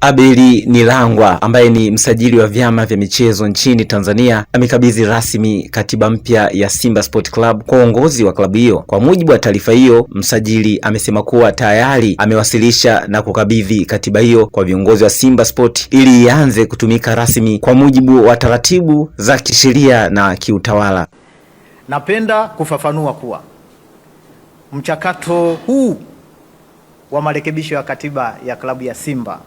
Abeli Nilangwa ambaye ni msajili wa vyama vya michezo nchini Tanzania amekabidhi rasmi katiba mpya ya Simba Sport Club kwa uongozi wa klabu hiyo. Kwa mujibu wa taarifa hiyo, msajili amesema kuwa tayari amewasilisha na kukabidhi katiba hiyo kwa viongozi wa Simba Sport ili ianze kutumika rasmi kwa mujibu wa taratibu za kisheria na kiutawala. Napenda kufafanua kuwa mchakato huu wa marekebisho ya katiba ya klabu ya Simba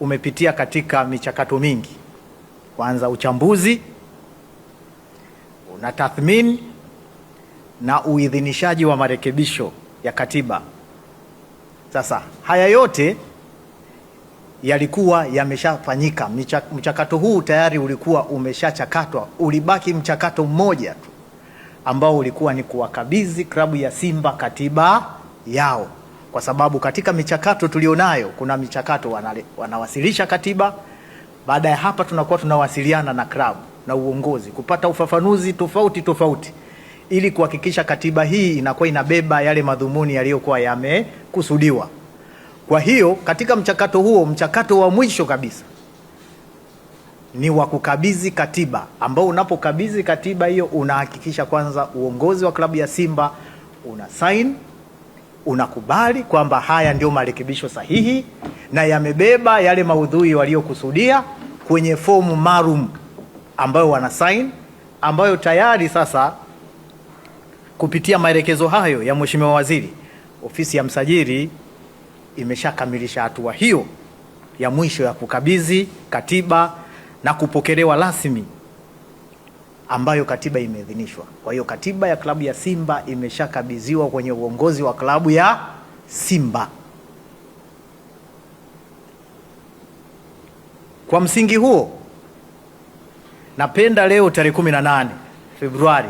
umepitia katika michakato mingi, kwanza uchambuzi na tathmini na uidhinishaji wa marekebisho ya katiba. Sasa haya yote yalikuwa yameshafanyika, mchakato huu tayari ulikuwa umeshachakatwa, ulibaki mchakato mmoja tu ambao ulikuwa ni kuwakabidhi klabu ya Simba katiba yao kwa sababu katika michakato tulionayo kuna michakato wanale, wanawasilisha katiba. Baada ya hapa tunakuwa tunawasiliana na klabu na uongozi kupata ufafanuzi tofauti tofauti ili kuhakikisha katiba hii inakuwa inabeba yale madhumuni yaliyokuwa yamekusudiwa. Kwa hiyo katika mchakato huo, mchakato wa mwisho kabisa ni wa kukabidhi katiba, ambao unapokabidhi katiba hiyo unahakikisha kwanza uongozi wa klabu ya Simba una sign unakubali kwamba haya ndio marekebisho sahihi na yamebeba yale maudhui waliokusudia kwenye fomu maalum ambayo wana sign, ambayo tayari sasa kupitia maelekezo hayo ya Mheshimiwa Waziri, ofisi ya msajili imeshakamilisha hatua hiyo ya mwisho ya kukabidhi katiba na kupokelewa rasmi ambayo katiba imeidhinishwa. Kwa hiyo katiba ya klabu ya Simba imeshakabidhiwa kwenye uongozi wa klabu ya Simba. Kwa msingi huo, napenda leo tarehe 18 Februari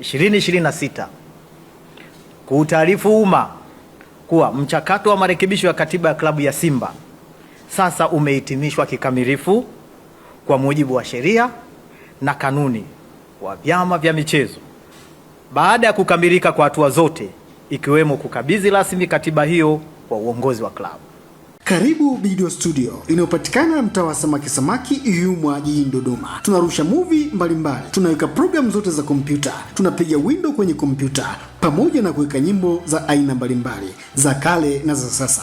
2026 kuutaarifu umma kuwa mchakato wa marekebisho ya katiba ya klabu ya Simba sasa umehitimishwa kikamilifu kwa mujibu wa sheria na kanuni wa vyama vya michezo baada ya kukamilika kwa hatua zote ikiwemo kukabidhi rasmi katiba hiyo kwa uongozi wa klabu. Karibu video studio inayopatikana mtaa wa samaki samaki yumwa jijini Dodoma. Tunarusha movie mbalimbali, tunaweka programu zote za kompyuta, tunapiga window kwenye kompyuta pamoja na kuweka nyimbo za aina mbalimbali za kale na za sasa.